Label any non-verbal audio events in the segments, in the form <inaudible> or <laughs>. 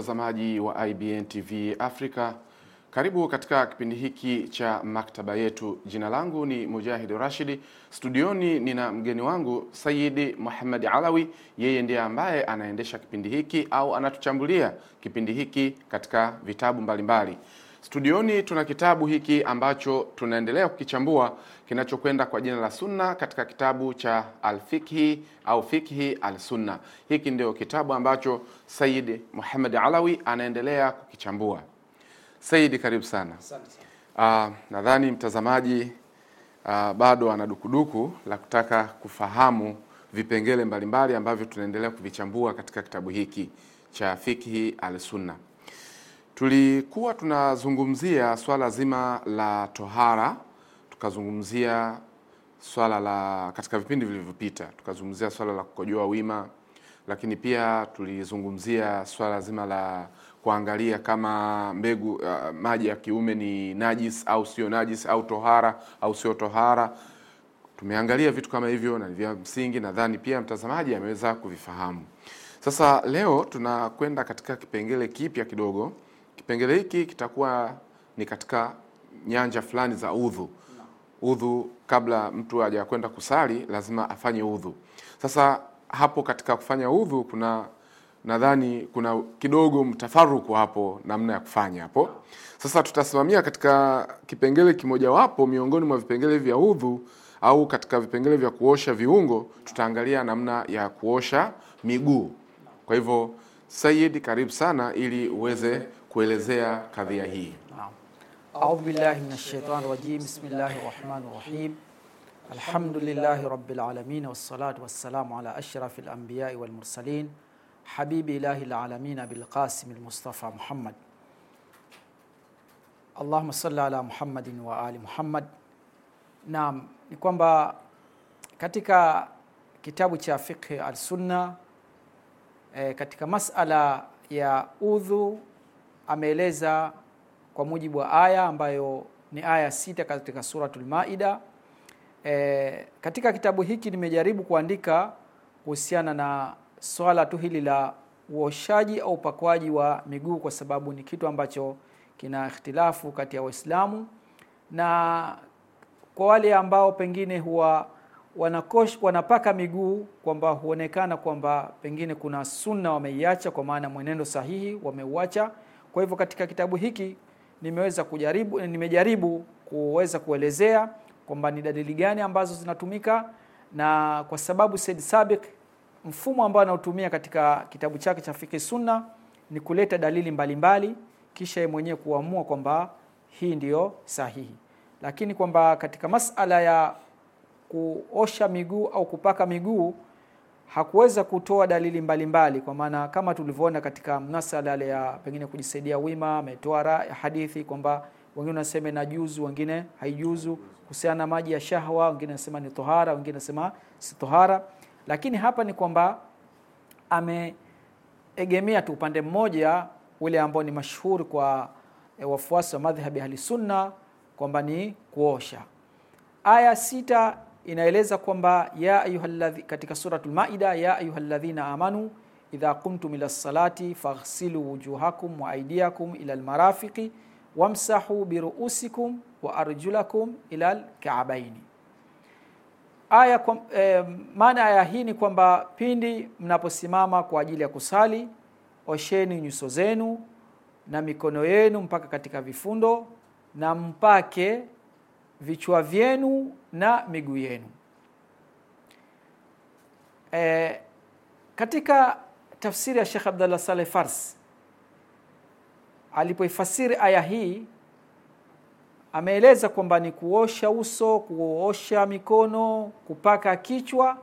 mtazamaji wa IBN TV Africa, karibu katika kipindi hiki cha maktaba yetu. Jina langu ni Mujahid Rashidi, studioni nina mgeni wangu Sayidi Muhammad Alawi. Yeye ndiye ambaye anaendesha kipindi hiki au anatuchambulia kipindi hiki katika vitabu mbalimbali mbali. Studioni tuna kitabu hiki ambacho tunaendelea kukichambua kinachokwenda kwa jina la Sunna katika kitabu cha Alfikhi au Fikhi Alsunna. Hiki ndio kitabu ambacho Said Muhammad Alawi anaendelea kukichambua. Said, karibu sana. Uh, nadhani mtazamaji uh, bado ana dukuduku la kutaka kufahamu vipengele mbalimbali ambavyo tunaendelea kuvichambua katika kitabu hiki cha Fikhi Alsunna. Tulikuwa tunazungumzia swala zima la tohara, tukazungumzia swala la katika vipindi vilivyopita, tukazungumzia swala la kukojoa wima, lakini pia tulizungumzia swala zima la kuangalia kama mbegu uh, maji ya kiume ni najis au sio najis au tohara au sio tohara. Tumeangalia vitu kama hivyo na vya msingi, nadhani pia mtazamaji ameweza kuvifahamu. Sasa leo tunakwenda katika kipengele kipya kidogo Kipengele hiki kitakuwa ni katika nyanja fulani za udhu. Udhu, kabla mtu hajakwenda kwenda kusali, lazima afanye udhu. Sasa hapo katika kufanya udhu kuna nadhani kuna kidogo mtafaruku hapo, namna ya kufanya hapo. Sasa tutasimamia katika kipengele kimojawapo miongoni mwa vipengele vya udhu au katika vipengele vya kuosha viungo, tutaangalia namna ya kuosha miguu. Kwa hivyo Said, karibu sana ili uweze kuelezea kadhia hii. A'udhu billahi minash shaitani rajim. Bismillahir rahmanir rahim. Alhamdulillahi rabbil alamin wassalatu wassalamu ala ashrafil anbiya'i wal mursalin habibi ilahil alamin bil qasim al mustafa Muhammad. Allahumma salli ala Muhammadin wa ali Muhammad. Naam, ni kwamba katika kitabu cha fiqh al-sunna e, katika masala ya udhu ameeleza kwa mujibu wa aya ambayo ni aya sita katika Suratul Maida. E, katika kitabu hiki nimejaribu kuandika kuhusiana na swala tu hili la uoshaji au upakwaji wa miguu, kwa sababu ni kitu ambacho kina ikhtilafu kati ya Waislamu na kwa wale ambao pengine huwa wanakosh, wanapaka miguu kwamba huonekana kwamba pengine kuna sunna wameiacha, kwa maana mwenendo sahihi wameuacha. Kwa hivyo katika kitabu hiki nimeweza kujaribu, nimejaribu kuweza kuelezea kwamba ni dalili gani ambazo zinatumika, na kwa sababu Said Sabiq mfumo ambao anaotumia katika kitabu chake cha Fiqh Sunna ni kuleta dalili mbalimbali mbali, kisha yeye mwenyewe kuamua kwamba hii ndiyo sahihi, lakini kwamba katika masala ya kuosha miguu au kupaka miguu hakuweza kutoa dalili mbalimbali mbali, kwa maana kama tulivyoona katika mnasala ya pengine kujisaidia wima ametoa hadithi kwamba wengine wanasema juzu, wengine haijuzu kuhusiana na maji ya shahwa, wengine wanasema ni tohara, wengine wanasema si tohara. Lakini hapa ni kwamba ameegemea tu upande mmoja ule ambao ni mashuhuri kwa e, wafuasi wa madhhabi ahli sunna kwamba ni kuosha. Aya sita inaeleza kwamba ya ayuhaladhi, katika suratul maida ya ayuhaladhina amanu idha kumtum ila lsalati faghsilu wujuhakum wa aidiakum ila almarafiqi wamsahu biruusikum wa arjulakum ila lkaabaini. Aya kwa e, maana ya hii ni kwamba pindi mnaposimama kwa ajili ya kusali, osheni nyuso zenu na mikono yenu mpaka katika vifundo na mpake vichwa vyenu na miguu yenu. E, katika tafsiri ya shekh Abdallah Saleh Fars alipoifasiri aya hii ameeleza kwamba ni kuosha uso, kuosha mikono, kupaka kichwa.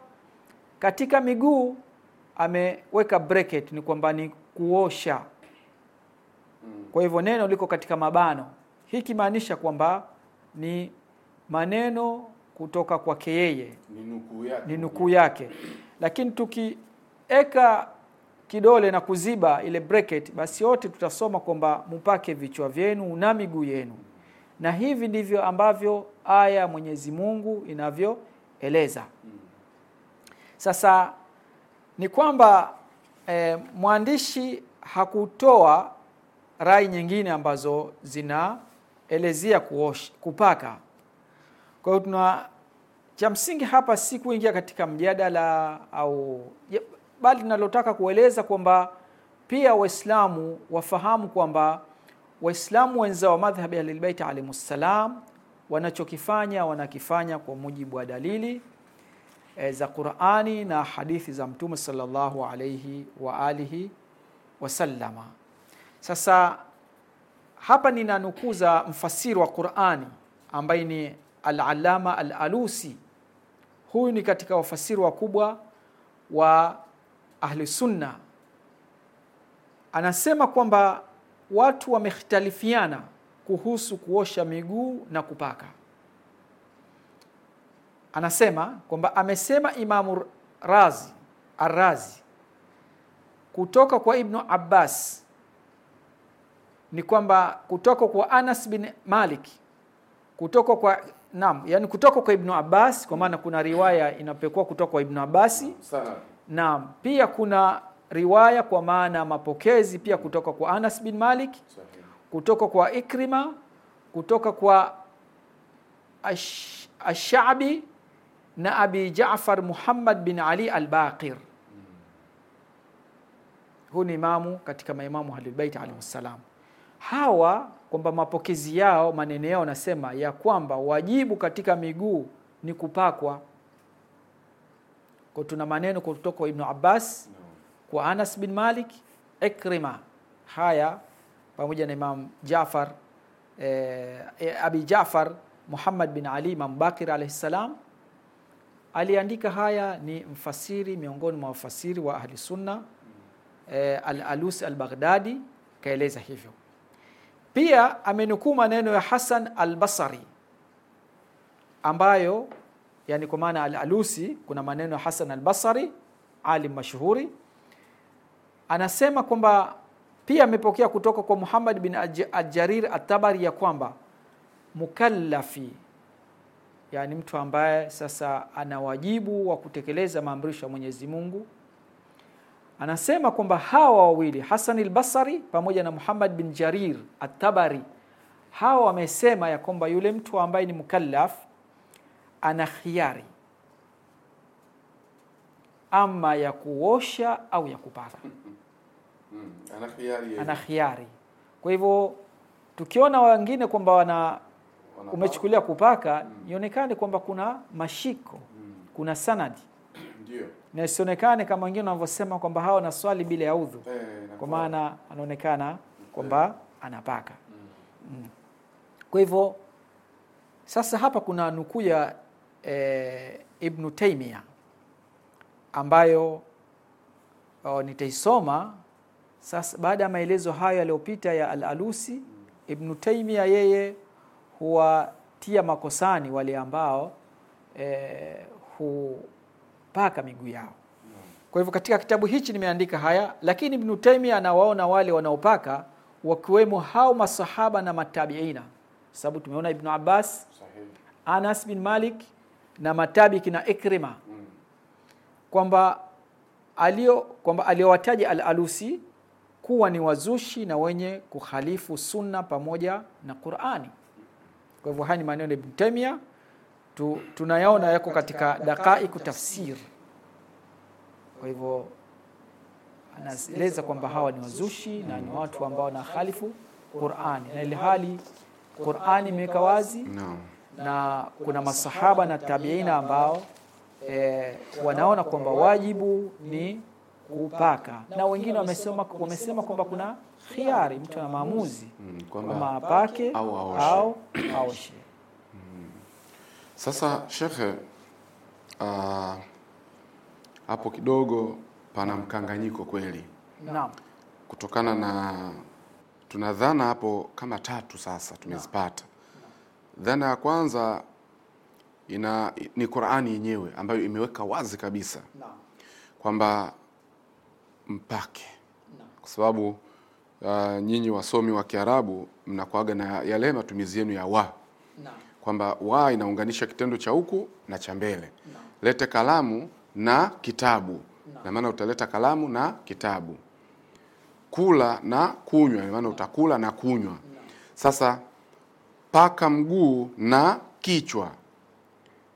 Katika miguu ameweka bracket, ni kwamba ni kuosha. Kwa hivyo neno liko katika mabano, hii kimaanisha kwamba ni maneno kutoka kwake yeye ni nukuu yake, lakini tukieka kidole na kuziba ile bracket, basi yote tutasoma kwamba mupake vichwa vyenu na miguu yenu. Na hivi ndivyo ambavyo aya ya Mwenyezi Mungu inavyoeleza. Sasa ni kwamba eh, mwandishi hakutoa rai nyingine ambazo zinaelezea kupaka kwa hiyo tuna cha msingi hapa si kuingia katika mjadala au bali tunalotaka kueleza kwamba pia Waislamu wafahamu kwamba Waislamu wenza wa madhhabi ya Ahlul Bait wanachokifanya wanakifanya kwa mujibu wa dalili e, za Qur'ani na hadithi za Mtume sallallahu alayhi wa alihi wasallama. Sasa hapa ninanukuza mfasiri wa Qur'ani ambaye ni Alalama alalusi Huyu ni katika wafasiri wakubwa wa ahlusunna Anasema kwamba watu wamekhtalifiana kuhusu kuosha miguu na kupaka. Anasema kwamba amesema Imamu Razi Arrazi kutoka kwa Ibnu Abbas ni kwamba kutoka kwa Anas bin Malik kutoka kwa naam, yani kutoka kwa Ibnu Abbas, kwa maana kuna riwaya inapekua kutoka kwa Ibnu Abbasi. Naam, pia kuna riwaya kwa maana mapokezi pia kutoka kwa Anas bin Malik kutoka kwa Ikrima kutoka kwa ash, Ashabi na Abi Jaafar Muhammad bin Ali al-Baqir hmm. Huu ni imamu katika maimamu Ahlul Bait salam. Hawa kwamba mapokezi yao maneno yao nasema ya kwamba wajibu katika miguu ni kupakwa. Kwa tuna maneno kutoka kwa ibnu Abbas, kwa Anas bin Malik, Ikrima, haya pamoja na Imam Jafar eh, eh Abi Jafar Muhammad bin Ali, Imam Bakir alaihi ssalam aliandika haya, ni mfasiri miongoni mwa wafasiri wa Ahli Sunna eh, Al-Alusi Al-Baghdadi kaeleza hivyo. Pia amenukuu maneno ya Hasan al ambayo yani kwa maana al-Alusi, kuna maneno ya Hasan albasari alim mashuhuri, anasema kwamba pia amepokea kutoka kwa Muhammad bin Ajarir Atabari ya kwamba mukallafi, yani mtu ambaye sasa ana wajibu wa kutekeleza maamrisho ya Mwenyezi Mungu anasema kwamba hawa wawili Hasan al pamoja na Muhammad bin Jarir atabari hawa wamesema ya kwamba yule mtu ambaye ni mukallaf ana khiari ama ya kuosha au ya kupaka. Hmm, ana khiari, ana khiari. Kwa hivyo tukiona wengine kwamba wana umechukulia kupaka, hmm. ionekane kwamba kuna mashiko hmm. kuna sanadi ndio na isionekane kama wengine wanavyosema kwamba hawa na swali bila ya udhu eh, kwa maana anaonekana kwamba eh. anapaka mm. mm. Kwa hivyo sasa hapa kuna nukuu ya e, Ibn Taimia ambayo o, oh, nitaisoma sasa baada ya maelezo hayo yaliyopita ya Al-Alusi mm. Ibn yeye huwatia makosani wale ambao e, hu mpaka miguu yao. Kwa hivyo katika kitabu hichi nimeandika haya, lakini Ibn anawaona wale wanaopaka wakiwemo hao masahaba na matabiina, sababu tumeona ibnu Abbas Anas bin Malik na matabiki na Ikrima kwamba alio kwamba aliowataja Al-Alusi kuwa ni wazushi na wenye kukhalifu sunna pamoja na Qur'ani. Kwa hivyo haya ni maneno ya Ibn Taymiyyah tu, tunayaona yako katika dakaiku tafsir. Kwa hivyo anaeleza kwamba hawa ni wazushi na ni watu ambao wanahalifu Qur'ani, na ile hali Qur'ani imeweka wazi no. na kuna masahaba na tabiina ambao e, wanaona kwamba wajibu ni kupaka, na wengine wamesema wamesema kwamba kuna khiari, mtu ana maamuzi mm, kwamba apake au aoshe sasa shekhe, ah, hapo kidogo pana mkanganyiko kweli. Naam. Kutokana na tuna dhana hapo kama tatu sasa tumezipata. Dhana ya kwanza ina ni Qur'ani yenyewe ambayo imeweka wazi kabisa kwamba mpake, kwa sababu uh, nyinyi wasomi wa Kiarabu mnakuaga na yale matumizi yenu ya wa Naam kwamba wa inaunganisha kitendo cha huku na cha mbele no. Lete kalamu na kitabu no. Na maana utaleta kalamu na kitabu. Kula na kunywa, na maana utakula na kunywa no. Sasa paka mguu na kichwa,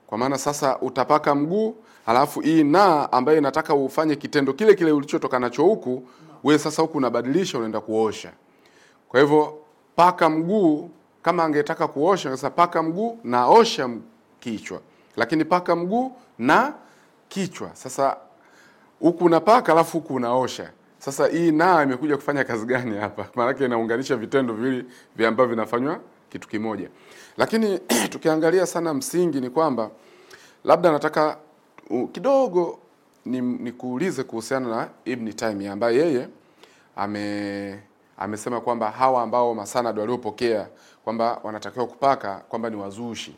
kwa maana sasa utapaka mguu alafu hii na ambayo inataka ufanye kitendo kile kile ulichotoka nacho huku no. wewe sasa huku unabadilisha unaenda kuosha, kwa hivyo paka mguu kama angetaka kuosha, sasa paka mguu na osha kichwa, lakini paka mguu na kichwa. Sasa huku unapaka alafu huku unaosha. Sasa hii na imekuja kufanya kazi gani hapa? <laughs> Maanake inaunganisha vitendo viwili vya ambavyo vinafanywa kitu kimoja. Lakini <clears throat> tukiangalia sana, msingi ni kwamba labda nataka uh, kidogo nikuulize ni kuhusiana na Ibn Taymiyyah ambaye yeye ame amesema kwamba hawa ambao masanad waliopokea kwamba wanatakiwa kupaka kwamba ni wazushi,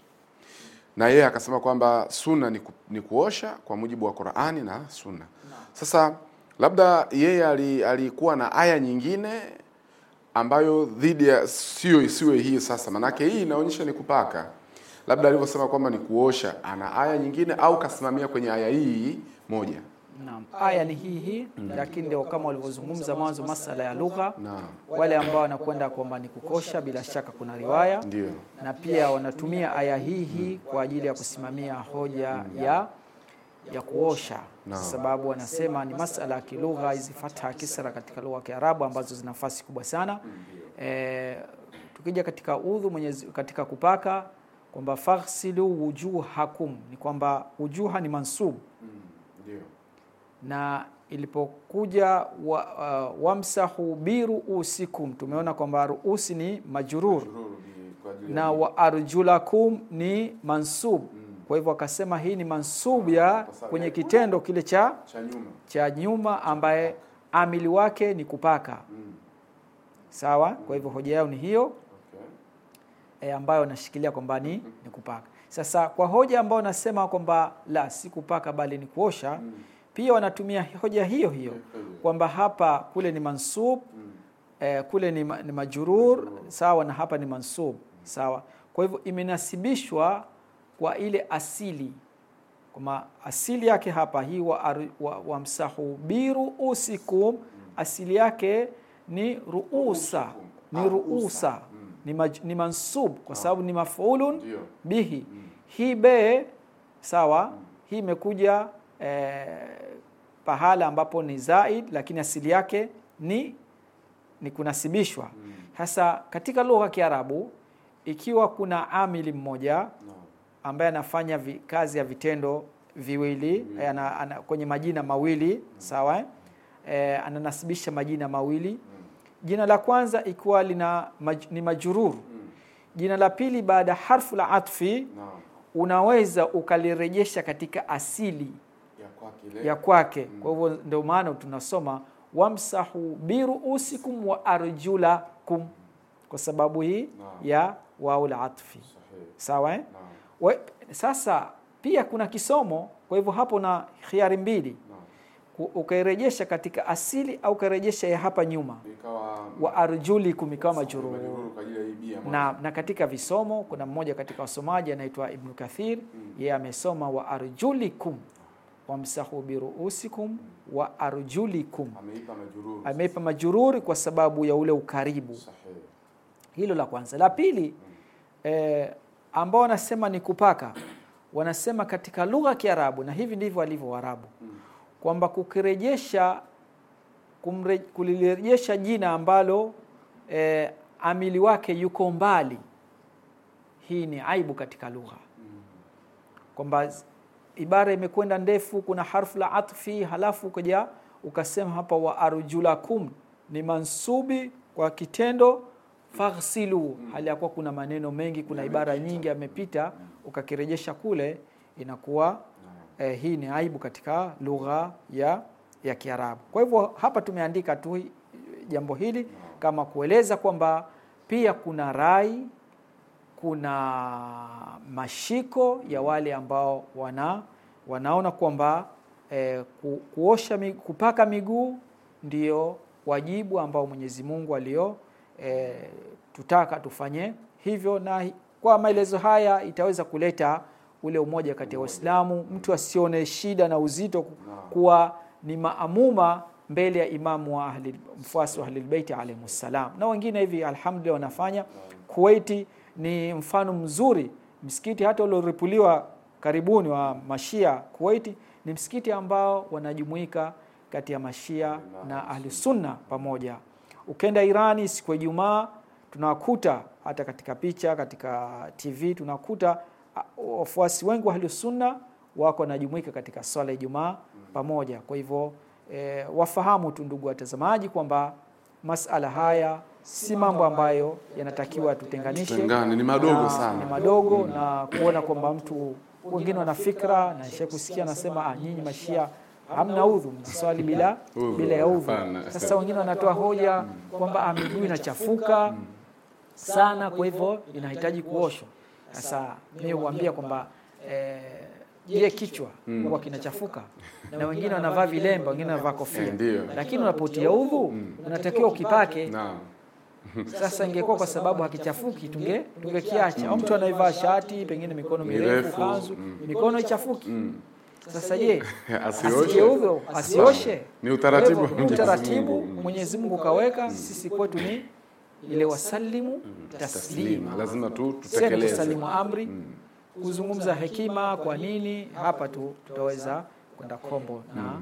na yeye akasema kwamba sunna ni, ku, ni kuosha kwa mujibu wa Qur'ani na sunna. Sasa labda yeye alikuwa na aya nyingine ambayo dhidi ya sio isiwe hii. Sasa manake hii inaonyesha ni kupaka, labda alivyosema kwamba ni kuosha, ana aya nyingine au kasimamia kwenye aya hii moja. Naam, aya ni hii hii mm. Lakini ndio kama walivyozungumza mwanzo masala ya lugha, wale ambao wanakwenda kwamba ni kukosha, bila shaka kuna riwaya Ndiyo. na pia wanatumia aya hii hii mm. kwa ajili ya kusimamia hoja mm. ya ya kuosha no. Sababu wanasema ni masala ya kilugha, hizi fatha kisra katika lugha ya Kiarabu ambazo zina nafasi kubwa sana e, tukija katika udhu mwenyezi, katika kupaka kwamba faghsilu wujuhakum ni kwamba wujuha ni mansub mm na ilipokuja wa, uh, wamsahu biruusikum, tumeona kwamba ruusi ni majurur, majurur ni na wa arjulakum ni mansub mm. Kwa hivyo akasema hii ni mansub ya ah, kwenye kitendo kile cha cha nyuma ambaye amili wake ni kupaka mm. Sawa mm. Kwa hivyo hoja yao ni hiyo okay. E, ambayo anashikilia kwamba ni, mm-hmm. ni kupaka. Sasa kwa hoja ambayo nasema kwamba la si kupaka bali ni kuosha mm pia wanatumia hoja hiyo hiyo kwamba hapa kule ni mansub mm. eh, kule ni, ma, ni majurur mm. sawa na hapa ni mansub sawa. Kwa hivyo imenasibishwa kwa ile asili kwamba asili yake hapa hii wamsahu wa, wa biruusikum, mm. asili yake ni ruusa ni ah, ruusa ni, maj, ni mansub kwa ah. sababu ni mafulun bihi. Hii be sawa, hii imekuja Eh, pahala ambapo ni zaid lakini asili yake ni, ni kunasibishwa. Sasa mm. katika lugha ya Kiarabu ikiwa kuna amili mmoja ambaye anafanya vi, kazi ya vitendo viwili hmm. ana, ana, kwenye majina mawili hmm. sawa e, ananasibisha majina mawili hmm. jina la kwanza ikiwa lina maj, ni majururu hmm. jina la pili baada harfu la atfi no. unaweza ukalirejesha katika asili ya kwake. Mm. Kwa hivyo ndio maana tunasoma wamsahu biruusikum wa arjulakum kwa sababu hii no. ya waul atfi sawa eh? no. We, sasa pia kuna kisomo. Kwa hivyo hapo na khiari mbili no. ukairejesha katika asili au ukairejesha ya hapa nyuma wa arjulikum ikawa majururu na, na katika visomo kuna mmoja katika wasomaji anaitwa Ibnu Kathir mm. yeye amesoma wa arjulikum wamsahu biruusikum wa arjulikum, ameipa majururi, ameipa majururi kwa sababu ya ule ukaribu Hilo la kwanza. La pili hmm. Eh, ambao wanasema ni kupaka wanasema katika lugha ya Kiarabu, na hivi ndivyo walivyo Waarabu hmm. kwamba kukirejesha kumre, kulirejesha jina ambalo eh, amili wake yuko mbali, hii ni aibu katika lugha hmm. kwamba ibara imekwenda ndefu, kuna harfu la atfi, halafu ukaja ukasema hapa wa arjulakum ni mansubi kwa kitendo faghsilu, hmm. hali ya kuwa kuna maneno mengi, kuna ibara nyingi amepita, hmm. ukakirejesha kule inakuwa hmm. eh, hii ni aibu katika lugha ya ya Kiarabu. Kwa hivyo hapa tumeandika tu jambo hili kama kueleza kwamba pia kuna rai kuna mashiko ya wale ambao wana, wanaona kwamba e, ku, kuosha kupaka miguu ndio wajibu ambao Mwenyezi Mungu alio e, tutaka tufanye hivyo, na kwa maelezo haya itaweza kuleta ule umoja kati ya Waislamu, mtu asione shida na uzito kuwa ni maamuma mbele ya imamu wa ahli mfuasi wa Ahlulbeiti alaihimussalam, na wengine hivi alhamdulillah wanafanya Kuwaiti ni mfano mzuri msikiti hata ulioripuliwa karibuni wa mashia Kuwaiti ni msikiti ambao wanajumuika kati ya mashia na ahlusunna pamoja. Ukenda Irani siku ya Ijumaa tunakuta hata katika picha, katika TV tunakuta wafuasi wengi wa ahlusunna wako wanajumuika katika swala ya Ijumaa pamoja. Kwa hivyo e, wafahamu tu ndugu watazamaji kwamba masala haya si mambo ambayo yanatakiwa tutenganishe, tengane, ni madogo sana, ni madogo mm. na kuona kwamba mtu wengine wana fikra na nisha kusikia nasema ah, nyinyi mashia hamna udhu, mswali bila bila ya udhu. Sasa wengine wanatoa hoja kwamba ah, miguu inachafuka sana, kwa hivyo inahitaji kuoshwa. Sasa mimi huambia kwamba eh, je, kichwa mm. kinachafuka? na wengine wanavaa vilemba, wengine wanavaa kofia, eh, lakini unapotia udhu mm. unatakiwa ukipake na. Sasa ingekuwa kwa sababu hakichafuki tunge tungekiacha. Au mtu anaivaa shati pengine mikono mirefu kanzu, mm. mikono ichafuki. Mm. Sasa je, <laughs> asioshe hivyo? Asioshe ni utaratibu, utaratibu Mwenyezi Mungu kaweka. Mm. Sisi kwetu ni ile wasalimu taslima, lazima tu tutekeleze, tusalimu amri. Kuzungumza hekima, kwa nini hapa tu tutaweza kwenda kombo na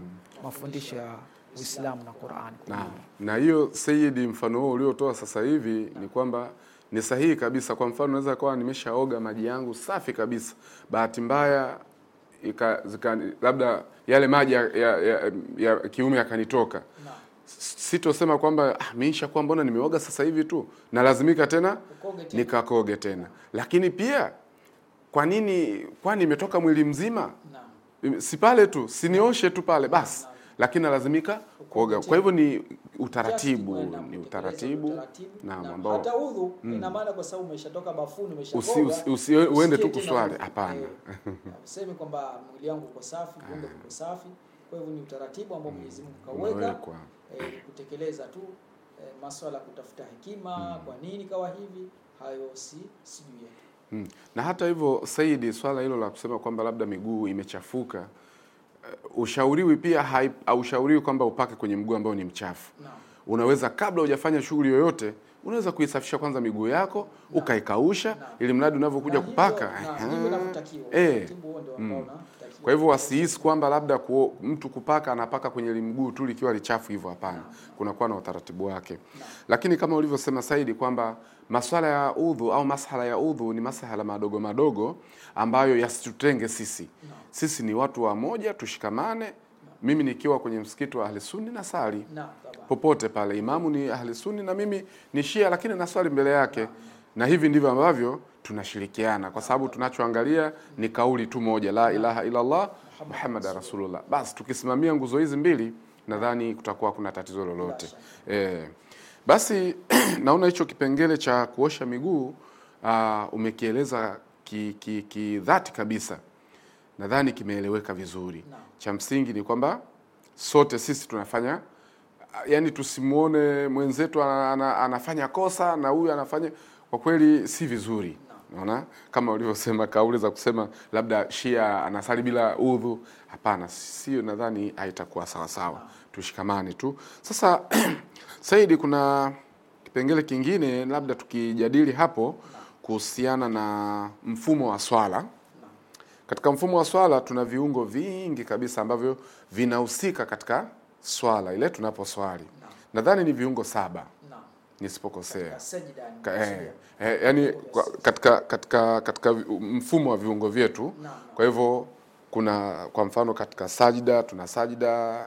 mafundisho ya Uislamu na Qur'an. Na, na hiyo Sayyidi, mfano huo uliotoa sasa hivi ni kwamba ni sahihi kabisa. Kwa mfano naweza kawa nimeshaoga maji yangu safi kabisa, bahati mbaya ika, zika, labda yale maji ya, ya, ya, ya kiume yakanitoka sitosema kwamba ah, meisha kuwa mbona nimeoga sasa hivi tu nalazimika tena nikakoge tena, lakini pia kwa nini? Kwani imetoka mwili mzima na. Si pale tu sinioshe tu pale basi lakini nalazimika kuoga. Kwa hivyo ni utaratibu, ni utaratibu na ambao hata udhu ina mm. maana, kwa sababu umeshatoka bafuni, umeshatoka, usi, uende tu kuswali. Hapana, eh, Sema kwamba mwili wangu uko safi, kumbe uko ah. safi. Kwa hivyo ni utaratibu ambao mm. Mwenyezi Mungu kaweka eh, mm. kutekeleza tu eh, masuala ya kutafuta hekima, kwa nini kawa hivi, hayo si sijui yetu. Na hata hivyo, Saidi, swala hilo la kusema kwamba labda miguu imechafuka ushauriwi pia, haushauriwi kwamba upake kwenye mguu ambao ni mchafu no. Unaweza kabla hujafanya shughuli yoyote unaweza kuisafisha kwanza miguu yako ukaikausha, ili mradi unavyokuja kupaka na, eh. mm. Kwa hivyo wasihisi kwamba labda kuo, mtu kupaka anapaka kwenye limguu tu likiwa lichafu hivyo, hapana, kunakuwa na utaratibu wake. Lakini kama ulivyosema Saidi kwamba maswala ya udhu au masala ya udhu ni masala madogo madogo ambayo yasitutenge sisi. Sisi ni watu wa moja, tushikamane. Mimi nikiwa kwenye msikiti wa Ahlisunni na sali popote pale, imamu ni Ahlisunni na mimi ni Shia, lakini na swali mbele yake na hivi ndivyo ambavyo tunashirikiana, kwa sababu tunachoangalia ni kauli tu moja, la ilaha illallah Muhammad rasulullah. Basi tukisimamia nguzo hizi mbili, nadhani kutakuwa kuna tatizo lolote e. Basi eh, <clears throat> naona hicho kipengele cha kuosha miguu uh, umekieleza kidhati ki, ki, kabisa, nadhani kimeeleweka vizuri Cha msingi ni kwamba sote sisi tunafanya ah, yani, tusimwone mwenzetu anafanya kosa na huyu anafanya kwa kweli si vizuri Unaona, kama ulivyosema kauli za kusema labda Shia anasali bila udhu, hapana, sio, nadhani haitakuwa sawa sawa. Tushikamane tu sasa. <clears throat> Saidi, kuna kipengele kingine labda tukijadili hapo kuhusiana na mfumo wa swala. Katika mfumo wa swala tuna viungo vingi kabisa ambavyo vinahusika katika swala ile tunaposwali, nadhani ni viungo saba nisipokosea Ka, eh, eh, yani katika, katika, katika mfumo wa viungo vyetu na. Kwa hivyo kuna kwa mfano katika sajida tuna sajida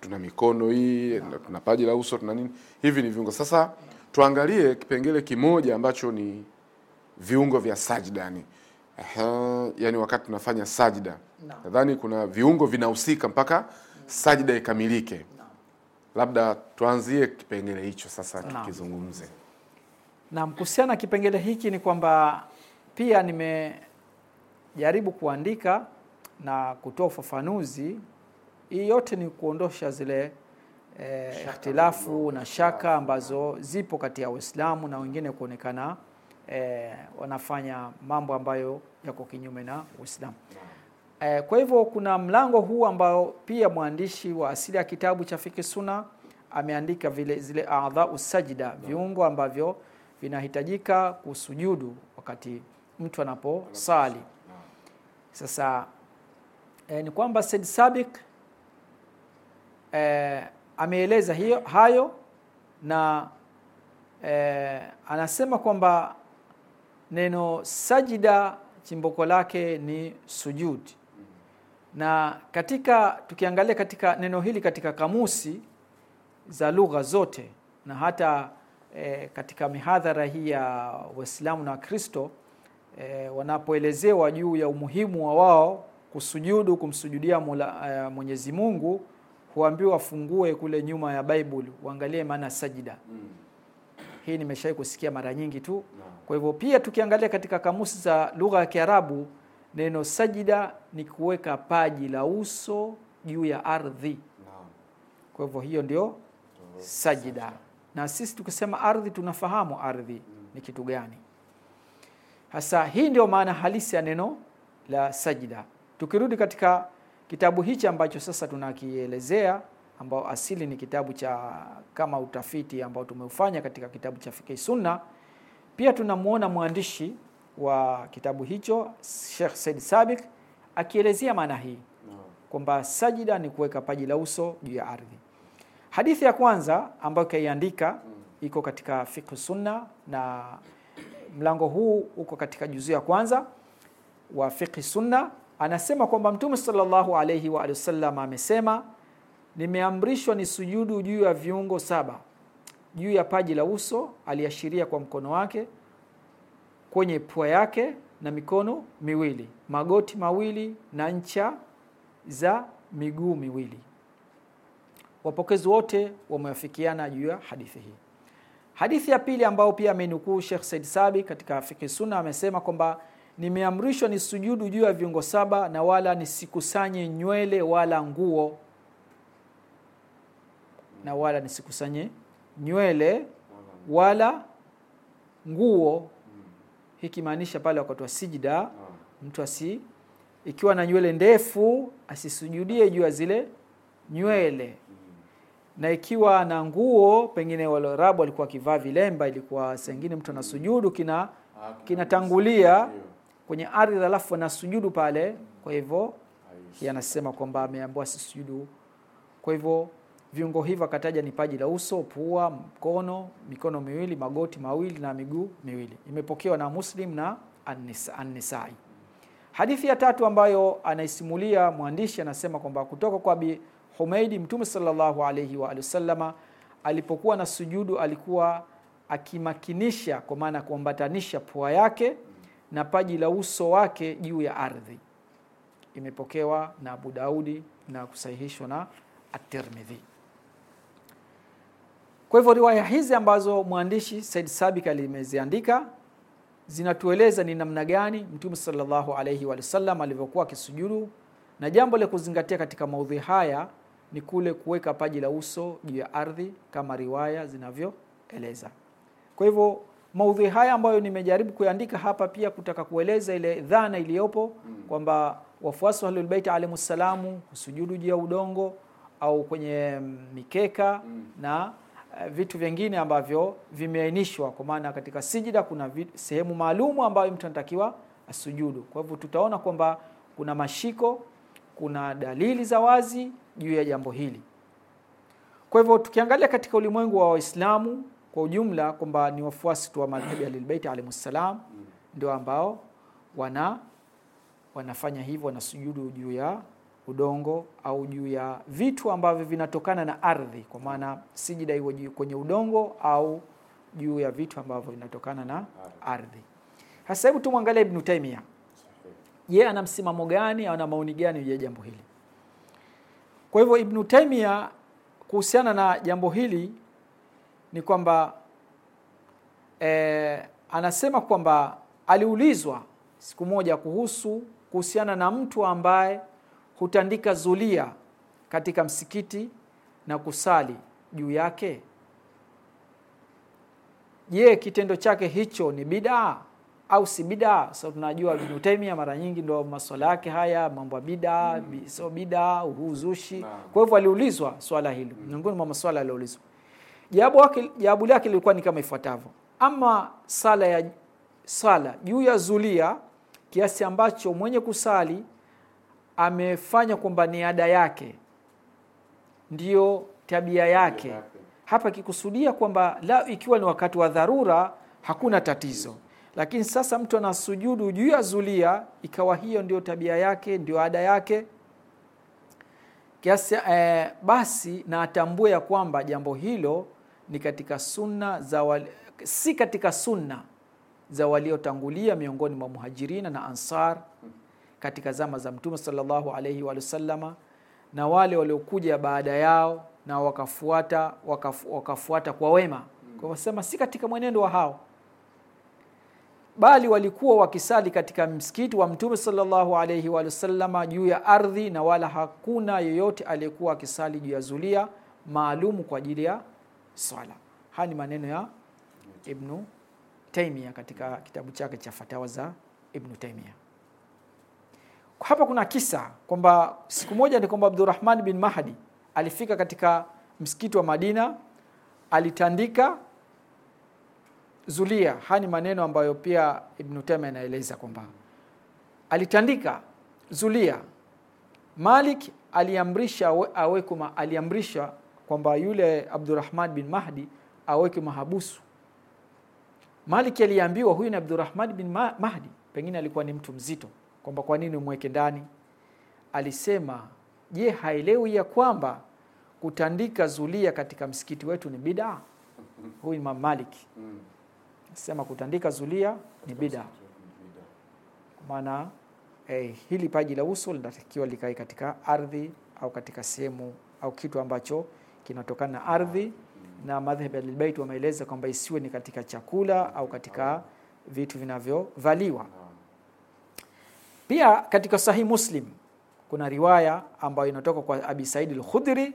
tuna mikono hii na. tuna paji la uso tuna nini, hivi ni viungo sasa na. Tuangalie kipengele kimoja ambacho ni viungo vya sajida yani. Aha, yani wakati tunafanya sajida nadhani kuna viungo vinahusika mpaka sajida ikamilike labda tuanzie kipengele hicho sasa tukizungumze. Naam, kuhusiana na kipengele hiki ni kwamba pia nimejaribu kuandika na kutoa ufafanuzi. Hii yote ni kuondosha zile eh, ikhtilafu na shaka ambazo zipo kati ya Waislamu na wengine kuonekana eh, wanafanya mambo ambayo yako kinyume na Uislamu. E, kwa hivyo kuna mlango huu ambao pia mwandishi wa asili ya kitabu cha Fiqh Sunna ameandika vile zile adha usajida, viungo ambavyo vinahitajika kusujudu wakati mtu anaposali. Sasa e, ni kwamba Said sabik e, eh, ameeleza hiyo hayo na e, anasema kwamba neno sajida chimbuko lake ni sujudi na katika tukiangalia katika neno hili katika kamusi za lugha zote na hata e, katika mihadhara hii ya Waislamu na Wakristo e, wanapoelezewa juu ya umuhimu wa wao kusujudu kumsujudia Mola, e, Mwenyezi Mungu huambiwa wafungue kule nyuma ya Bible uangalie maana sajida. Hmm. Hii nimeshawai kusikia mara nyingi tu. Hmm. Kwa hivyo pia tukiangalia katika kamusi za lugha ya Kiarabu Neno sajida ni kuweka paji la uso juu ya ardhi. Kwa hivyo hiyo ndio sajida, na sisi tukisema ardhi tunafahamu ardhi ni kitu gani hasa. Hii ndio maana halisi ya neno la sajida. Tukirudi katika kitabu hichi ambacho sasa tunakielezea, ambao asili ni kitabu cha kama utafiti ambao tumeufanya katika kitabu cha Fiqh Sunna, pia tunamwona mwandishi wa kitabu hicho Sheikh Said Sabik akielezea maana hii kwamba sajida ni kuweka paji la uso juu ya ardhi. Hadithi ya kwanza ambayo kaiandika iko katika fiqh sunna na mlango huu uko katika juzuu ya kwanza wa fiqh sunna. Anasema kwamba Mtume sallallahu alayhi wa sallam amesema, nimeamrishwa ni sujudu juu ya viungo saba juu ya paji la uso. Aliashiria kwa mkono wake kwenye pua yake na mikono miwili, magoti mawili na ncha za miguu miwili. Wapokezi wote wameafikiana juu ya hadithi hii. Hadithi ya pili ambayo pia amenukuu Sheikh Said Sabi katika fiki Sunna amesema kwamba nimeamrishwa ni sujudu juu ya viungo saba na wala nisikusanye nywele wala nguo, na wala nisikusanye nywele wala nguo hikimaanisha pale wakati wa sijida ah. mtu asi ikiwa na nywele ndefu asisujudie ah. juu ya zile nywele mm. na ikiwa na nguo pengine walarabu walikuwa wakivaa vilemba ilikuwa sengine mtu anasujudu kina ah, kinatangulia kwenye ardhi alafu anasujudu pale kwa hivyo anasema kwamba ameambiwa asisujudu kwa hivyo Viungo hivyo akataja ni paji la uso, pua, mkono, mikono miwili, magoti mawili na miguu miwili. Imepokewa na Muslim na An-Nisai. Hadithi ya tatu ambayo anaisimulia mwandishi anasema kwamba kutoka kwa Bi Humeidi, Mtume sallallahu alaihi wa sallama alipokuwa na sujudu alikuwa akimakinisha, kwa maana kuambatanisha pua yake na paji la uso wake juu ya ardhi. Imepokewa na Abu Daudi na kusahihishwa na At-Tirmidhi. Kwa hivyo riwaya hizi ambazo mwandishi Said Sabik alimeziandika zinatueleza ni namna gani Mtume sallallahu alaihi sallam alivyokuwa akisujudu, na jambo la kuzingatia katika maudhui haya ni kule kuweka paji la uso juu ya ardhi kama riwaya zinavyoeleza. Kwa hivyo maudhui haya ambayo nimejaribu kuyaandika hapa pia kutaka kueleza ile dhana iliyopo kwamba wafuasi wa Ahlul Bait alayhimussalamu husujudu juu ya udongo au kwenye mikeka mm. na Eh, vitu vingine ambavyo vimeainishwa, kwa maana katika sijida kuna sehemu maalumu ambayo mtu anatakiwa asujudu. Kwa hivyo tutaona kwamba kuna mashiko, kuna dalili za wazi juu ya jambo hili. Kwa hivyo tukiangalia katika ulimwengu wa Waislamu kwa ujumla kwamba ni wafuasi tu wa madhhabi ya Ahlulbeiti alaihimussalam ndio ambao wana wanafanya hivyo, wanasujudu juu ya udongo au juu ya vitu ambavyo vinatokana na ardhi, kwa maana sijida iwe kwenye udongo au juu ya vitu ambavyo vinatokana na ardhi. Sasa hebu tumwangalie Ibn Taymiyyah, je, ana msimamo gani? Ana maoni gani ya jambo hili? Kwa hivyo Ibn Taymiyyah kuhusiana na jambo hili ni kwamba e, anasema kwamba aliulizwa siku moja kuhusu kuhusiana na mtu ambaye hutandika zulia katika msikiti na kusali juu yake? Je, kitendo chake hicho ni bidaa au si bidaa? So tunajua Ibn mara nyingi ndo maswala yake haya, mambo ya bidaa mm. so bidaa, nah. Kwa hivyo aliulizwa swala hilo mm. miongoni mwa maswala aliulizwa, jawabu lake lilikuwa ni kama ifuatavyo: ama sala ya sala juu ya zulia kiasi ambacho mwenye kusali amefanya kwamba ni ada yake, ndiyo tabia yake. Hapa akikusudia kwamba la, ikiwa ni wakati wa dharura hakuna tatizo, lakini sasa mtu anasujudu juu ya zulia, ikawa hiyo ndio tabia yake, ndio ada yake kiasi eh, basi na atambue ya kwamba jambo hilo ni katika sunna za wali, si katika sunna za waliotangulia miongoni mwa muhajirina na ansar katika zama za Mtume sallallahu alaihi wasallama na wale waliokuja baada yao na wakafuata wakafu, wakafuata kwa wema. Kwa si katika mwenendo wa hao, bali walikuwa wakisali katika msikiti wa Mtume sallallahu alaihi wasallama juu ya ardhi, na wala hakuna yeyote aliyekuwa akisali juu ya zulia maalumu kwa ajili ya swala. Haya ni maneno ya Ibnu Taimia katika kitabu chake cha Fatawa za Ibnu Taimia hapa kuna kisa kwamba siku moja ni kwamba Abdurrahman bin Mahdi alifika katika msikiti wa Madina, alitandika zulia. Haya ni maneno ambayo pia Ibnu Teme anaeleza kwamba alitandika zulia. Malik aliamrisha aliamrisha kwamba yule Abdurrahman bin Mahdi aweke mahabusu. Malik aliambiwa huyu ni Abdurrahman bin Mahdi, pengine alikuwa ni mtu mzito kwamba kwa nini umweke ndani? Alisema, je, haelewi ya kwamba kutandika zulia katika msikiti wetu ni bida Huyu Imam Malik sema kutandika zulia ni bida maana eh, hili paji la uso linatakiwa likae katika ardhi au katika sehemu au kitu ambacho kinatokana na ardhi mm. na madhhabi Ahlulbeit wameeleza kwamba isiwe ni katika chakula au katika vitu vinavyovaliwa. Pia katika sahihi Muslim kuna riwaya ambayo inatoka kwa Abi saidi al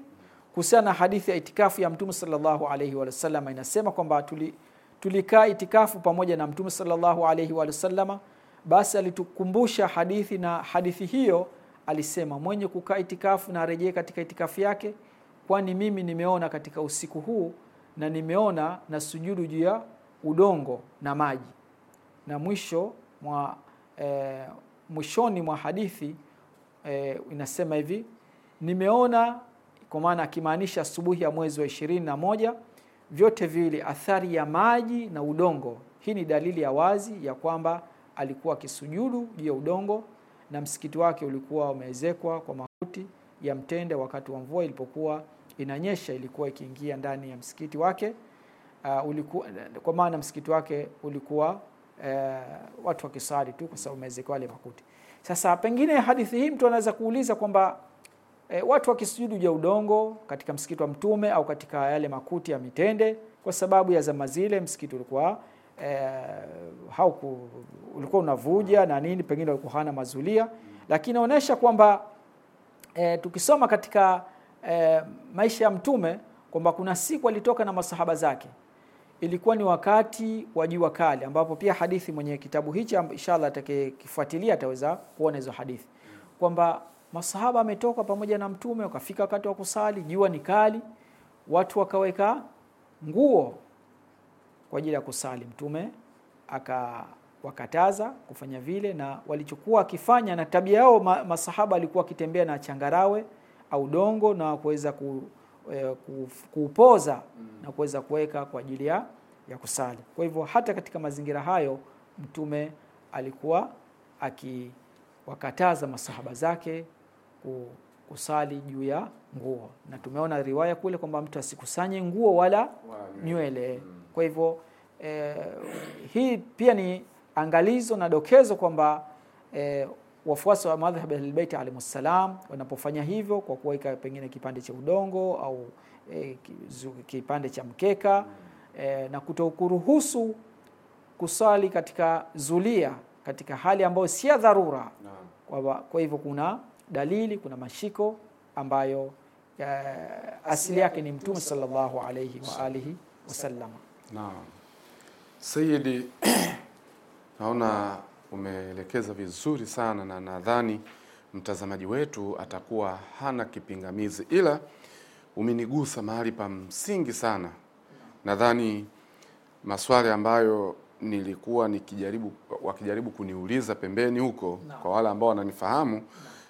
kuhusiana na hadithi ya itikafu ya Mtume sallallahu alaihi wasallam, inasema kwamba tuli tulikaa itikafu pamoja na Mtume sallallahu alaihi wasallam, basi alitukumbusha hadithi, na hadithi hiyo alisema, mwenye kukaa itikafu na arejee katika itikafu yake, kwani mimi nimeona katika usiku huu na nimeona na sujudu juu ya udongo na maji. Na mwisho mwa eh, mwishoni mwa hadithi e, inasema hivi nimeona, kwa maana akimaanisha asubuhi ya mwezi wa ishirini na moja, vyote viwili, athari ya maji na udongo. Hii ni dalili ya wazi ya kwamba alikuwa akisujudu juu ya udongo na msikiti wake ulikuwa umeezekwa kwa makuti ya mtende. Wakati wa mvua ilipokuwa inanyesha, ilikuwa ikiingia ndani ya msikiti wake uh, ah, ulikuwa, kwa maana msikiti wake ulikuwa eh, watu wakisali tu kwa sababu wameezeka wale makuti. Sasa pengine hadithi hii mtu anaweza kuuliza kwamba E, watu wakisujudu juu ya udongo katika msikiti wa Mtume au katika yale makuti ya mitende, kwa sababu ya zama zile msikiti ulikuwa e, hauku ulikuwa unavuja na nini, pengine walikuwa hana mazulia, lakini inaonyesha kwamba e, tukisoma katika e, maisha ya Mtume kwamba kuna siku alitoka na masahaba zake ilikuwa ni wakati wa jua kali, ambapo pia hadithi mwenye kitabu hichi inshallah atakayekifuatilia ataweza kuona hizo hadithi kwamba masahaba ametoka pamoja na mtume, wakafika wakati wa kusali, jua ni kali, watu wakaweka nguo kwa ajili ya kusali. Mtume akawakataza kufanya vile, na walichokuwa wakifanya na tabia yao masahaba alikuwa akitembea na changarawe au dongo na kuweza ku Eh, kuupoza mm. na kuweza kuweka kwa ajili ya ya kusali. Kwa hivyo hata katika mazingira hayo Mtume alikuwa akiwakataza masahaba zake kusali juu ya nguo, na tumeona riwaya kule kwamba mtu asikusanye nguo wala nywele. Mm. Kwa hivyo eh, hii pia ni angalizo na dokezo kwamba eh, wafuasi wa madhhabi Ahlulbeiti alaihim ssalam wanapofanya hivyo kwa kuweka pengine kipande cha udongo au e, kipande cha mkeka e, na kutokuruhusu kusali katika zulia katika hali ambayo si ya dharura Kwa, kwa hivyo kuna dalili, kuna mashiko ambayo e, asili yake ni Mtume sallallahu alaihi waalihi wasalama. Sayidi, <clears throat> naona umeelekeza vizuri sana, na nadhani mtazamaji wetu atakuwa hana kipingamizi, ila umenigusa mahali pa msingi sana. Nadhani maswali ambayo nilikuwa nikijaribu wakijaribu kuniuliza pembeni huko no. Kwa wale ambao wananifahamu no.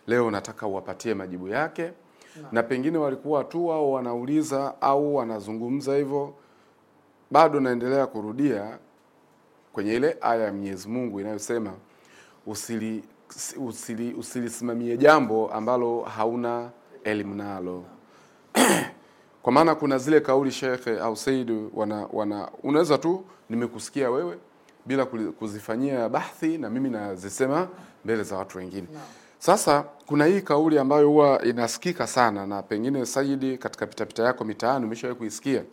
Leo nataka uwapatie majibu yake no. Na pengine walikuwa tu wao wanauliza au wanazungumza hivyo, bado naendelea kurudia kwenye ile aya ya Mwenyezi Mungu inayosema usili usili usilisimamie jambo ambalo hauna elimu nalo. <clears throat> Kwa maana kuna zile kauli shekhe au seidu wana, wana unaweza tu nimekusikia wewe bila kuzifanyia bahthi na mimi nazisema mbele za watu wengine no. Sasa kuna hii kauli ambayo huwa inasikika sana na pengine Saidi, katika pitapita yako mitaani umeshawahi kuisikia,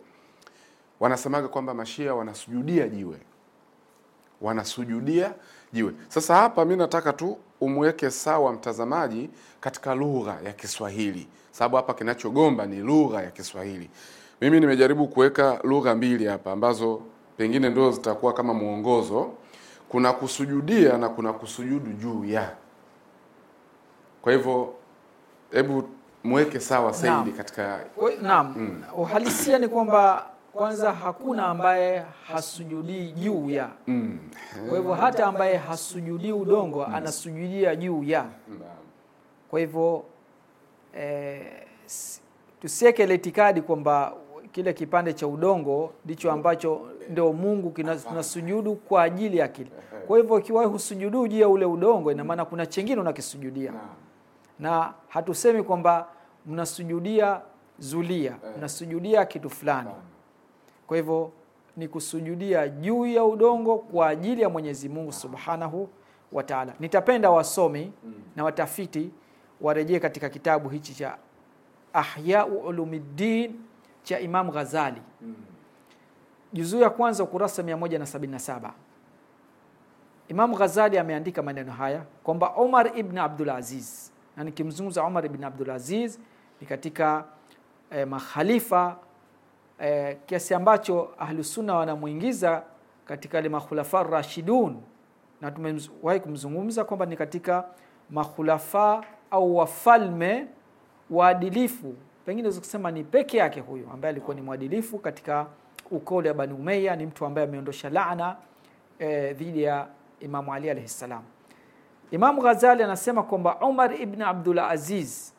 wanasemaga kwamba mashia wanasujudia jiwe wanasujudia jiwe. Sasa hapa mi nataka tu umweke sawa mtazamaji katika lugha ya Kiswahili, sababu hapa kinachogomba ni lugha ya Kiswahili. Mimi nimejaribu kuweka lugha mbili hapa ambazo pengine ndio zitakuwa kama mwongozo. Kuna kusujudia na kuna kusujudu juu ya. Kwa hivyo hebu mweke sawa Saidi katika naam. Mm. Uhalisia ni kwamba kwanza hakuna ambaye hasujudii juu ya mm. Kwa hivyo hata ambaye hasujudii udongo mm. anasujudia juu ya mm. Kwa hivyo eh, tusiekele itikadi kwamba kile kipande cha udongo ndicho ambacho ndio Mungu tunasujudu kwa ajili ya kile. Kwa hivyo ukiwahi husujudu juu ya ule udongo, ina maana kuna chengine unakisujudia na, na hatusemi kwamba mnasujudia zulia, mnasujudia kitu fulani. Kwa hivyo ni kusujudia juu ya udongo kwa ajili ya Mwenyezi Mungu Subhanahu wa Ta'ala. Nitapenda wasomi mm. na watafiti warejee katika kitabu hichi cha Ahya Ulumiddin cha Imam Ghazali, mm. juzuu ya kwanza ukurasa 177. Imam Ghazali ameandika maneno haya kwamba Omar ibn Abdul Aziz, na nikimzungumza Omar ibn Abdul Aziz ni katika eh, makhalifa eh, kiasi ambacho ahlusunna wanamwingiza katika ile makhulafa rashidun na tumewahi kumzungumza kwamba ni katika makhulafa au wafalme waadilifu pengine zkusema kusema ni peke yake huyu ambaye alikuwa ni mwadilifu katika ukoo wa Bani umeya ni mtu ambaye ameondosha laana e, dhidi ya imamu Ali alaihi salam imamu Ghazali anasema kwamba Umar ibn Abdul Aziz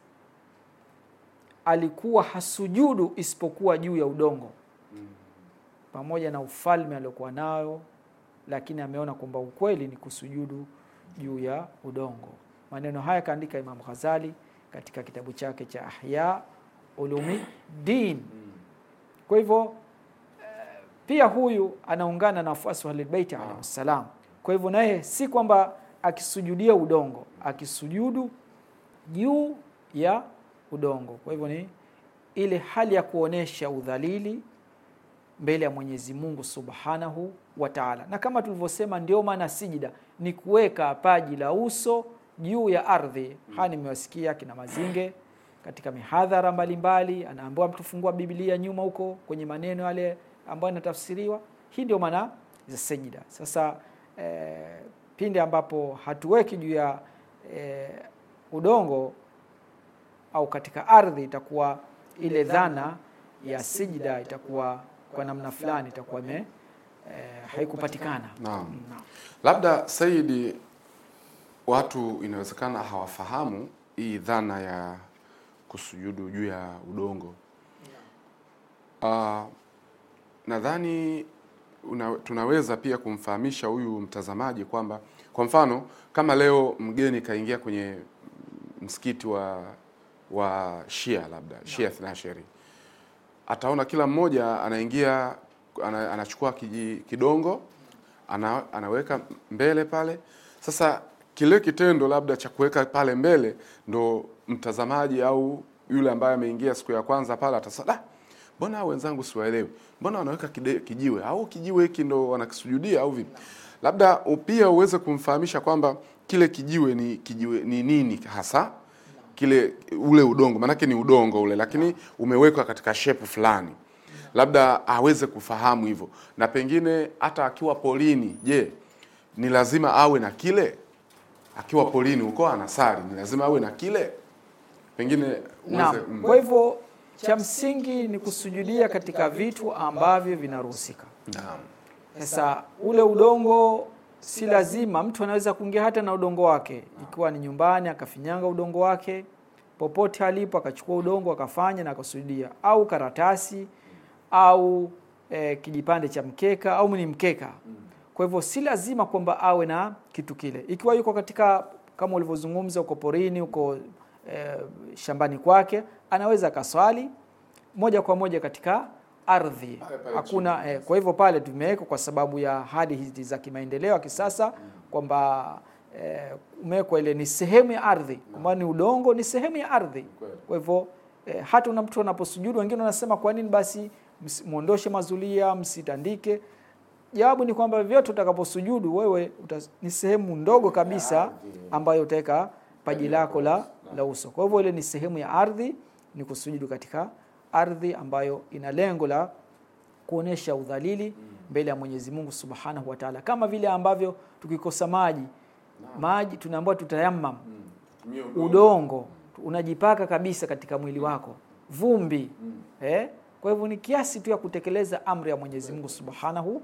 alikuwa hasujudu isipokuwa juu ya udongo pamoja na ufalme aliokuwa nayo, lakini ameona kwamba ukweli ni kusujudu juu ya udongo. Maneno haya akaandika Imam Ghazali katika kitabu chake cha Ahya din Kwa hivyo pia huyu anaungana na wafuasi wa Ahlulbeiti alayhi Kwa hivyo naye si kwamba akisujudia udongo, akisujudu juu ya udongo. Kwa hivyo ni ile hali ya kuonyesha udhalili mbele ya Mwenyezi Mungu Subhanahu wa Ta'ala. Na kama tulivyosema, ndio maana sijida ni kuweka paji la uso juu ya ardhi. Haya mm. nimewasikia kina Mazinge katika mihadhara mbalimbali, anaambiwa mtu fungua Biblia nyuma huko kwenye maneno yale ambayo yanatafsiriwa. Hii ndio maana za sijida. Sasa eh, pindi ambapo hatuweki juu ya eh, udongo au katika ardhi itakuwa ile dhana ya sijida itakuwa kwa namna fulani itakuwa ime eh, haikupatikana. Naam. Labda Saidi, watu inawezekana hawafahamu hii dhana ya kusujudu juu ya udongo. Uh, nadhani una, tunaweza pia kumfahamisha huyu mtazamaji kwamba kwa mfano kama leo mgeni kaingia kwenye msikiti wa wa Shia labda no. Shia Ithnasheri ataona kila mmoja anaingia ana, anachukua kiji, kidongo ana, anaweka mbele pale. Sasa kile kitendo labda cha kuweka pale mbele ndo mtazamaji au yule ambaye ameingia siku ya kwanza pale atasala, mbona wenzangu siwaelewi, mbona wanaweka kijiwe au kijiwe hiki ndo wanakisujudia au vipi? Labda pia uweze kumfahamisha kwamba kile kijiwe ni kijiwe ni nini hasa kile ule udongo, maanake ni udongo ule, lakini umewekwa katika shape fulani, labda aweze kufahamu hivyo. Na pengine hata akiwa polini, je, ni lazima awe na kile? Akiwa polini huko anasali, ni lazima awe na kile? Pengine mm. kwa hivyo cha msingi ni kusujudia katika vitu ambavyo vinaruhusika. Naam. Sasa ule udongo si lazima. Mtu anaweza kuingia hata na udongo wake, ikiwa ni nyumbani akafinyanga udongo wake popote alipo, akachukua udongo akafanya na akasudia, au karatasi au eh, kijipande cha mkeka au ni mkeka. Kwa hivyo si lazima kwamba awe na kitu kile, ikiwa yuko katika kama ulivyozungumza, uko porini, uko eh, shambani kwake, anaweza akaswali moja kwa moja katika ardhi hakuna eh. Kwa hivyo pale tumeweka kwa sababu ya hadi hizi za kimaendeleo ya kisasa kwamba eh, umewekwa ile ni sehemu ya ardhi, kwamba ni udongo, ni sehemu ya ardhi. Kwa hivyo eh, hata na mtu anaposujudu, wengine wanasema kwa nini basi mwondoshe mazulia msitandike? Jawabu ni kwamba vyote utakaposujudu wewe utas, ni sehemu ndogo kabisa ambayo utaweka paji lako la, la uso. Kwa hivyo ile ni sehemu ya ardhi, ni kusujudu katika ardhi ambayo ina lengo la kuonesha udhalili mbele ya Mwenyezi Mungu Subhanahu wa Ta'ala, kama vile ambavyo tukikosa maji maji tunaambiwa tutayamam, hmm. udongo unajipaka kabisa katika mwili wako, vumbi hmm. eh? Kwa hivyo ni kiasi tu ya kutekeleza amri ya Mwenyezi Mungu Subhanahu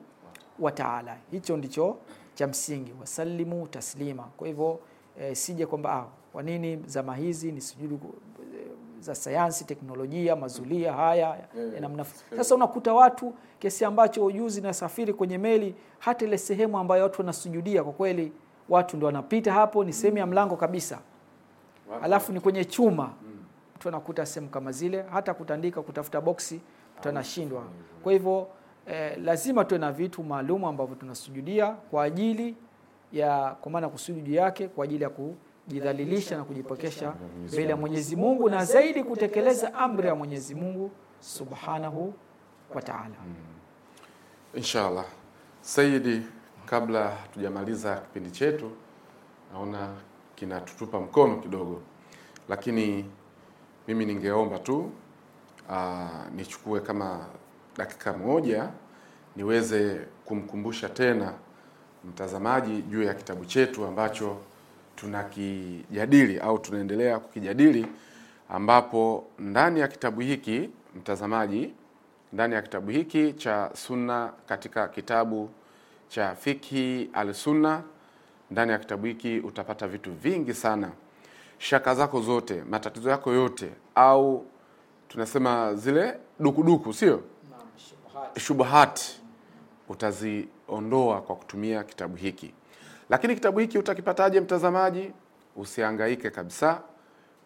wa Ta'ala. Hicho ndicho cha msingi, wasallimu taslima. Kwa hivyo eh, sije kwamba ah, kwa nini zama hizi ni sujudu za sayansi, teknolojia, mazulia haya yeah, namna Sasa unakuta watu kesi ambacho ujuzi nasafiri kwenye meli, hata ile sehemu ambayo watu wanasujudia kwa kweli, watu ndo wanapita hapo, ni sehemu ya mlango kabisa, alafu ni kwenye chuma mm. mtu anakuta sehemu kama zile, hata kutandika kutafuta boksi mtu ah, anashindwa. Kwa hivyo eh, lazima tuwe na vitu maalum ambavyo tunasujudia kwa ajili ya, kwa maana kusujudi yake kwa ajili ya kujidhalilisha na kujipokesha mbele ya Mwenyezi Mungu na zaidi kutekeleza amri ya Mwenyezi Mungu Subhanahu wa Ta'ala. Hmm. Inshallah. Saidi, kabla hatujamaliza kipindi chetu, naona kinatutupa mkono kidogo, lakini mimi ningeomba tu uh, nichukue kama dakika moja niweze kumkumbusha tena mtazamaji juu ya kitabu chetu ambacho tunakijadili au tunaendelea kukijadili, ambapo ndani ya kitabu hiki mtazamaji, ndani ya kitabu hiki cha Sunna katika kitabu cha Fikhi al-Sunna, ndani ya kitabu hiki utapata vitu vingi sana. Shaka zako zote, matatizo yako yote, au tunasema zile dukuduku, sio shubuhati, utaziondoa kwa kutumia kitabu hiki. Lakini kitabu hiki utakipataje, mtazamaji? Usihangaike kabisa.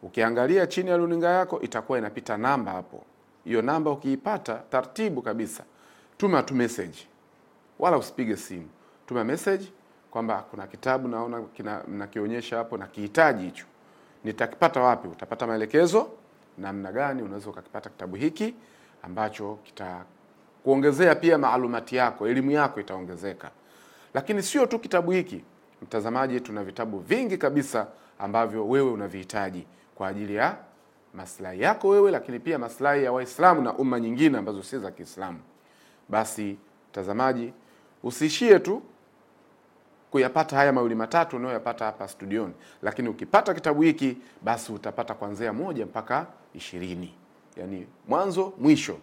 Ukiangalia chini ya runinga yako itakuwa inapita namba hapo. Hiyo namba ukiipata taratibu kabisa, tuma tu message, wala usipige simu. Tuma message kwamba kuna kitabu naona nakionyesha hapo na kihitaji hicho, nitakipata wapi? Utapata maelekezo namna gani unaweza ukakipata kitabu hiki ambacho kita kuongezea pia maalumati yako, elimu yako itaongezeka. Lakini sio tu kitabu hiki, mtazamaji, tuna vitabu vingi kabisa ambavyo wewe unavihitaji kwa ajili ya maslahi yako wewe, lakini pia maslahi ya Waislamu na umma nyingine ambazo si za Kiislamu. Basi mtazamaji, usiishie tu kuyapata haya mawili matatu unayoyapata hapa studioni, lakini ukipata kitabu hiki basi utapata kuanzia moja mpaka ishirini, yani mwanzo mwisho.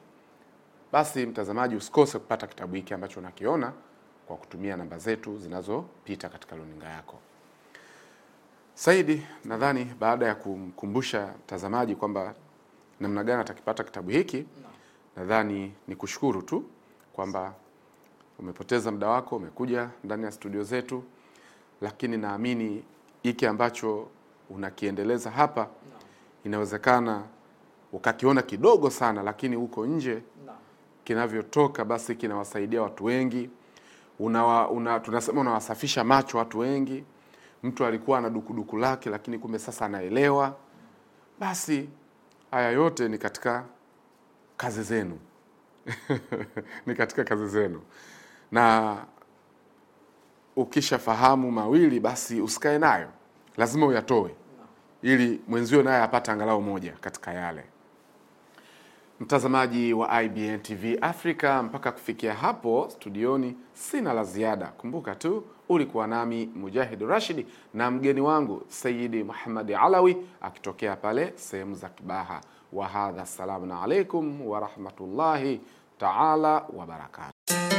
Basi mtazamaji, usikose kupata kitabu hiki ambacho unakiona kwa kutumia namba zetu zinazopita katika runinga yako. Saidi, nadhani baada ya kumkumbusha mtazamaji kwamba namna gani atakipata kitabu hiki no. Nadhani ni kushukuru tu kwamba umepoteza muda wako, umekuja ndani ya studio zetu, lakini naamini hiki ambacho unakiendeleza hapa no. Inawezekana ukakiona kidogo sana, lakini huko nje no. Kinavyotoka basi kinawasaidia watu wengi una, una, tunasema unawasafisha macho watu wengi. Mtu alikuwa ana dukuduku lake, lakini kumbe sasa anaelewa. Basi haya yote ni katika kazi zenu <laughs> ni katika kazi zenu, na ukishafahamu mawili, basi usikae nayo, lazima uyatoe ili mwenzio naye apate angalau moja katika yale. Mtazamaji wa IBN TV Africa, mpaka kufikia hapo studioni sina la ziada. Kumbuka tu ulikuwa nami Mujahid Rashid na mgeni wangu sayidi Muhammad Alawi akitokea pale sehemu za Kibaha. Wa hadha, assalamu alaikum wa rahmatullahi taala wa barakatuh.